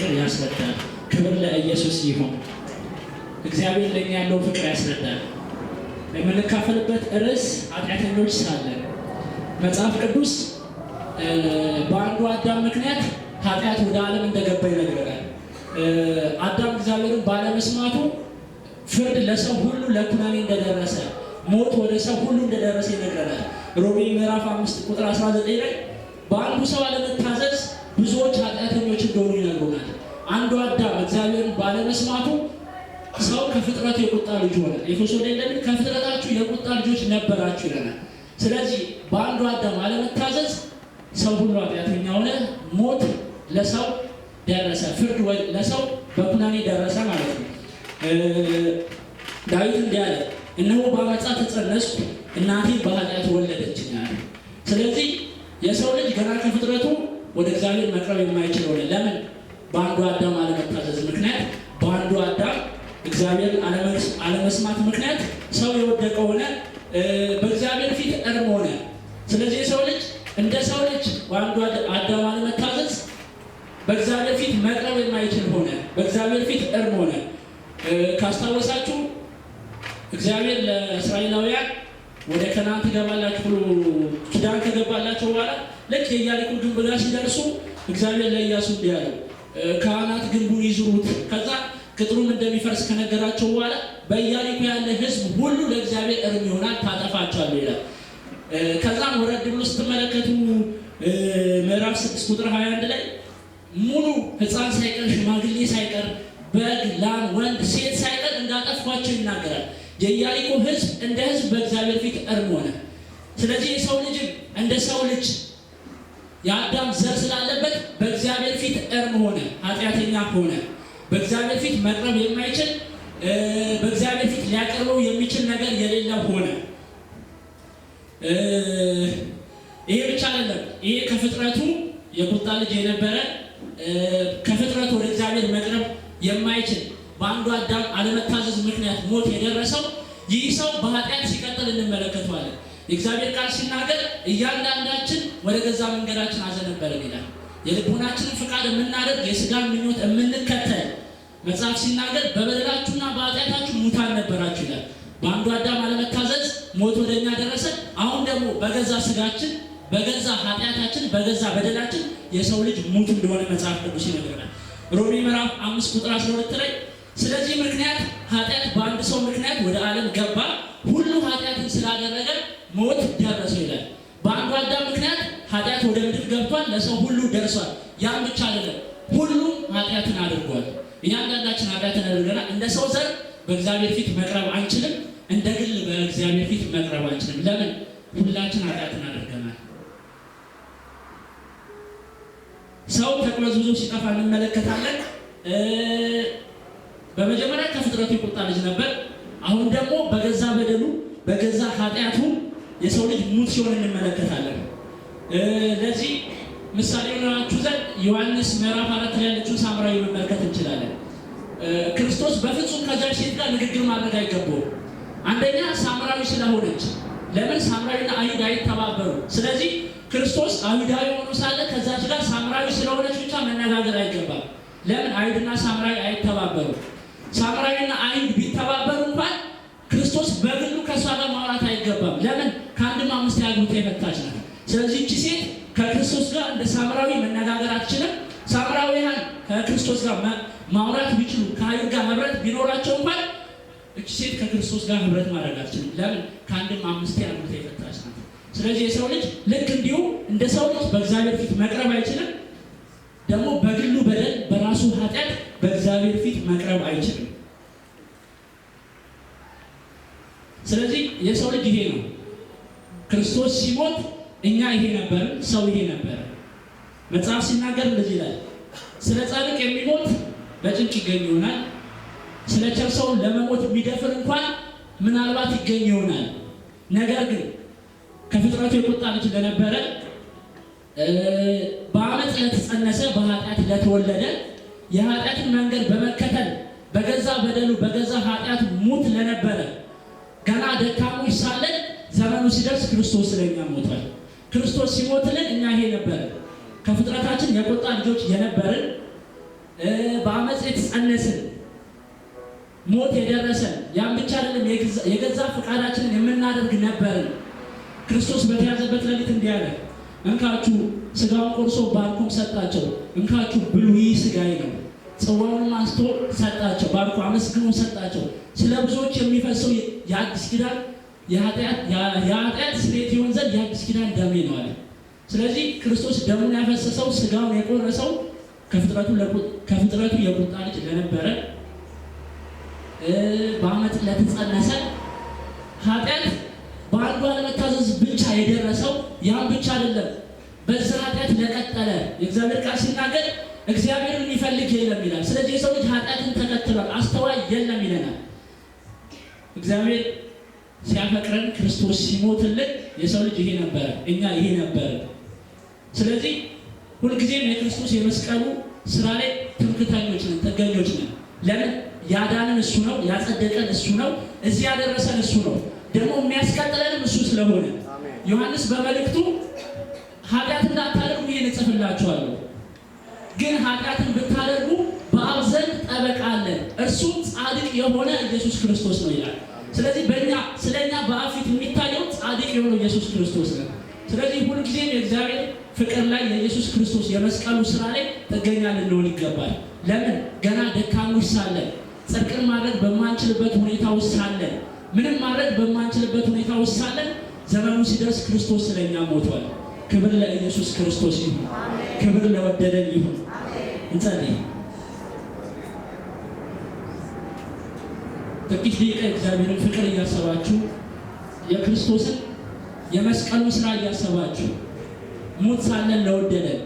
ፍቅር ያስረዳል። ክብር ለኢየሱስ ይሁን። እግዚአብሔር ለእኛ ያለው ፍቅር ያስረዳል። የምንካፈልበት ርዕስ ኃጢአተኞች ሳለን መጽሐፍ ቅዱስ በአንዱ አዳም ምክንያት ኃጢአት ወደ ዓለም እንደገባ ይነግረናል። አዳም እግዚአብሔርን ባለመስማቱ ፍርድ ለሰው ሁሉ ለኩነኔ እንደደረሰ ሞት ወደ ሰው ሁሉ እንደደረሰ ይነግረናል። ሮሜ ምዕራፍ 5 ቁጥር 19 ላይ በአንዱ ሰው አለመታዘዝ ብዙዎች ኃጢአተኞች እንደሆኑ ይነግሩናል። አንዱ አዳም እግዚአብሔርን ባለመስማቱ ሰው ከፍጥረቱ የቁጣ ልጅ ሆነ። ኤፌሶ ላይ እንደሚል ከፍጥረታችሁ የቁጣ ልጆች ነበራችሁ ይለናል። ስለዚህ በአንዱ አዳም አለመታዘዝ ሰው ሁሉ ኃጢአተኛ ሆነ። ሞት ለሰው ደረሰ፣ ፍርድ ለሰው በኩናኔ ደረሰ ማለት ነው። ዳዊት እንዲህ አለ፣ እነሆ በዓመፃ ተጸነስኩ፣ እናቴ በኃጢአት ወለደችኝ አለ። ስለዚህ የሰው ልጅ ገና ከፍጥረቱ ወደ እግዚአብሔር መቅረብ የማይችል ሆነ። ለምን? በአንዱ አዳም እግዚአብሔር አለመስማት ምክንያት ሰው የወደቀ ሆነ፣ በእግዚአብሔር ፊት እርም ሆነ። ስለዚህ የሰው ልጅ እንደ ሰው ልጅ በአንዱ አዳም አለመታዘዝ በእግዚአብሔር ፊት መቅረብ የማይችል ሆነ፣ በእግዚአብሔር ፊት እርም ሆነ። ካስታወሳችሁ እግዚአብሔር ለእስራኤላውያን ወደ ከናን ትገባላችሁ ብሎ ኪዳን ከገባላቸው በኋላ ልክ የኢያሪኮ ግንብ ጋር ሲደርሱ እግዚአብሔር ለኢያሱ እንዲህ አለው፣ ካህናት ግንቡን ይዙሩት ከዛ ቅጥሩም እንደሚፈርስ ከነገራቸው በኋላ በኢያሪኮ ያለ ህዝብ ሁሉ ለእግዚአብሔር እርም ይሆናል፣ ታጠፋቸዋለሁ ይላል። ከዛም ወረድ ብሎ ስትመለከቱ ምዕራፍ 6 ቁጥር 21 ላይ ሙሉ ህፃን ሳይቀር ሽማግሌ ሳይቀር በግ፣ ላም፣ ወንድ፣ ሴት ሳይቀር እንዳጠፏቸው ይናገራል። የኢያሪኮ ህዝብ እንደ ህዝብ በእግዚአብሔር ፊት እርም ሆነ። ስለዚህ የሰው ልጅም እንደ ሰው ልጅ የአዳም ዘር ስላለበት በእግዚአብሔር ፊት እርም ሆነ፣ ኃጢአተኛ ሆነ። በእግዚአብሔር ፊት መቅረብ የማይችል በእግዚአብሔር ፊት ሊያቀርበው የሚችል ነገር የሌለ ሆነ። ይሄ ብቻ አይደለም። ይሄ ከፍጥረቱ የቁጣ ልጅ የነበረ ከፍጥረቱ ወደ እግዚአብሔር መቅረብ የማይችል በአንዱ አዳም አለመታዘዝ ምክንያት ሞት የደረሰው ይህ ሰው በኃጢአት ሲቀጥል እንመለከተዋለን። የእግዚአብሔር ቃል ሲናገር እያንዳንዳችን ወደ ገዛ መንገዳችን አዘነበረን ይላል። የልቦናችንን ፍቃድ የምናደርግ የስጋን ምኞት የምንከተል መጽሐፍ ሲናገር በበደላችሁና በኃጢአታችሁ ሙታን ነበራችሁ ይላል። በአንዱ አዳም አለመታዘዝ ሞት ወደ እኛ ደረሰ። አሁን ደግሞ በገዛ ስጋችን፣ በገዛ ኃጢአታችን፣ በገዛ በደላችን የሰው ልጅ ሙት እንደሆነ መጽሐፍ ቅዱስ ይነግረናል። ሮሜ ምዕራፍ አምስት ቁጥር አስራ ሁለት ላይ ስለዚህ ምክንያት ኃጢአት በአንድ ሰው ምክንያት ወደ ዓለም ገባ፣ ሁሉ ኃጢአትን ስላደረገ ሞት ደረሰ ይላል። በአንዱ አዳም ምክንያት ኃጢአት ወደ ምድር ገብቷል፣ ለሰው ሁሉ ደርሷል። ያን ብቻ አይደለም፣ ሁሉም ኃጢአትን አድርጓል። እያንዳንዳችን ኃጢአትን አድርገናል። እንደ ሰው ዘር በእግዚአብሔር ፊት መቅረብ አንችልም። እንደ ግል በእግዚአብሔር ፊት መቅረብ አንችልም። ለምን? ሁላችን ኃጢአትን አድርገናል። ሰው ተቅበዝብዞ ሲጠፋ እንመለከታለን። በመጀመሪያ ከፍጥረቱ የቁጣ ልጅ ነበር። አሁን ደግሞ በገዛ በደሉ በገዛ ኃጢአቱ የሰው ልጅ ሙት ሲሆን እንመለከታለን። ለዚህ ምሳሌ ሆናችሁ ዘንድ ዮሐንስ ምዕራፍ አራት ላይ ያለችው ሳምራዊ መመልከት እንችላለን። ክርስቶስ በፍጹም ከዛች ሴት ጋር ንግግር ማድረግ አይገባውም። አንደኛ ሳምራዊ ስለሆነች፣ ለምን ሳምራዊና አይሁድ አይተባበሩ? ስለዚህ ክርስቶስ አይሁዳዊ ሆኖ ሳለ ከዛች ጋር ሳምራዊ ስለሆነች ብቻ መነጋገር አይገባም። ለምን አይሁድና ሳምራዊ አይተባበሩ? ሳምራዊና አይሁድ ቢተባበሩ እንኳን ክርስቶስ በግሉ ከእሷ ጋር ማውራት አይገባም። ለምን ከአንድም አምስት ያግብታ የመታች ነው ስለዚህች ሴት ከክርስቶስ ጋር እንደ ሳምራዊ መነጋገር አትችልም። ሳምራዊያን ከክርስቶስ ጋር ማውራት ቢችሉ ከአይሁድ ጋር ህብረት ቢኖራቸው እንኳን እች ሴት ከክርስቶስ ጋር ህብረት ማድረግ አትችልም። ለምን? ከአንድም አምስቴ አምርታ የፈታች ናት። ስለዚህ የሰው ልጅ ልክ እንዲሁ እንደ ሰው ልጅ በእግዚአብሔር ፊት መቅረብ አይችልም። ደግሞ በግሉ በደል በራሱ ኃጢአት በእግዚአብሔር ፊት መቅረብ አይችልም። ስለዚህ የሰው ልጅ ይሄ ነው ክርስቶስ ሲሞት እኛ ይሄ ነበር፣ ሰው ይሄ ነበር። መጽሐፍ ሲናገር እንደዚህ ይላል፣ ስለ ጻድቅ የሚሞት በጭንቅ ይገኝ ይሆናል፣ ስለ ቸር ሰው ለመሞት የሚደፍር እንኳን ምናልባት ይገኝ ይሆናል። ነገር ግን ከፍጥረቱ የቁጣ ልጅ ለነበረ በአመፅ ለተጸነሰ በኃጢአት ለተወለደ የኃጢአትን መንገድ በመከተል በገዛ በደሉ በገዛ ኃጢአት ሙት ለነበረ ገና ደካሞች ሳለን ዘመኑ ሲደርስ ክርስቶስ ስለኛ ሞቷል። ክርስቶስ ሲሞትልን እኛ ይሄ ነበር ከፍጥረታችን የቁጣ ልጆች የነበርን በአመፅ የተጸነስን ሞት የደረሰን ያን ብቻ አይደለም የገዛ ፈቃዳችንን የምናደርግ ነበርን። ክርስቶስ በተያዘበት ሌሊት እንዲህ አለ፣ እንካችሁ ስጋውን ቆርሶ ባርኩም ሰጣቸው። እንካችሁ ብሉ፣ ይህ ስጋዬ ነው። ጽዋውን አንስቶ ሰጣቸው፣ ባርኩ፣ አመስግኑ ሰጣቸው። ስለ ብዙዎች የሚፈሰው የአዲስ ኪዳን የኃጢአት ስሌት ይሆን ዘንድ የአዲስ ኪዳን ደሜ ነው አለ። ስለዚህ ክርስቶስ ደሙን ያፈሰሰው ስጋውን የቆረሰው ከፍጥረቱ የቁጣ ልጅ ለነበረ በአመት ለተጸነሰ ኃጢአት በአንዱ አለመታዘዝ ብቻ የደረሰው ያም ብቻ አይደለም፣ በዛ ኃጢአት ለቀጠለ የእግዚአብሔር ቃል ሲናገር እግዚአብሔርን የሚፈልግ የለም ይላል። ስለዚህ የሰው ልጅ ኃጢአትን ተከትሏል፣ አስተዋይ የለም ይለናል እግዚአብሔር ሲያፈቅረን ክርስቶስ ሲሞትልን የሰው ልጅ ይሄ ነበረ፣ እኛ ይሄ ነበረ። ስለዚህ ሁልጊዜም የክርስቶስ የመስቀሉ ስራ ላይ ትምክተኞች ነን፣ ጥገኞች ነን። ለምን ያዳንን እሱ ነው፣ ያጸደቀን እሱ ነው፣ እዚህ ያደረሰን እሱ ነው፣ ደግሞ የሚያስቀጥለንም እሱ ስለሆነ ዮሐንስ በመልእክቱ ኃጢአት እንዳታደርጉ ይህን እጽፍላችኋለሁ፣ ግን ኃጢአትን ብታደርጉ በአብ ዘንድ ጠበቃ አለን፣ እርሱም ጻድቅ የሆነ ኢየሱስ ክርስቶስ ነው ይላል። ስለዚህ በእኛ ስለ እኛ የሚታየው ጻድቅ የሆነው ኢየሱስ ክርስቶስ ነው። ስለዚህ ሁሉ ጊዜም የእግዚአብሔር ፍቅር ላይ የኢየሱስ ክርስቶስ የመስቀሉ ስራ ላይ ጥገኛ ልንሆን ይገባል። ለምን ገና ደካሞች ሳለን፣ ጽድቅን ማድረግ በማንችልበት ሁኔታ ውስጥ ሳለን፣ ምንም ማድረግ በማንችልበት ሁኔታ ውስጥ ሳለን ዘመኑ ሲደርስ ክርስቶስ ስለ እኛ ሞቷል። ክብር ለኢየሱስ ክርስቶስ ይሁን። ክብር ለወደደን ይሁን። እንጸልይ። ጥቂት ደቂቃ እግዚአብሔርን ፍቅር እያሰባችሁ የክርስቶስን የመስቀሉን ስራ እያሰባችሁ ሞት ሳለን ለወደደን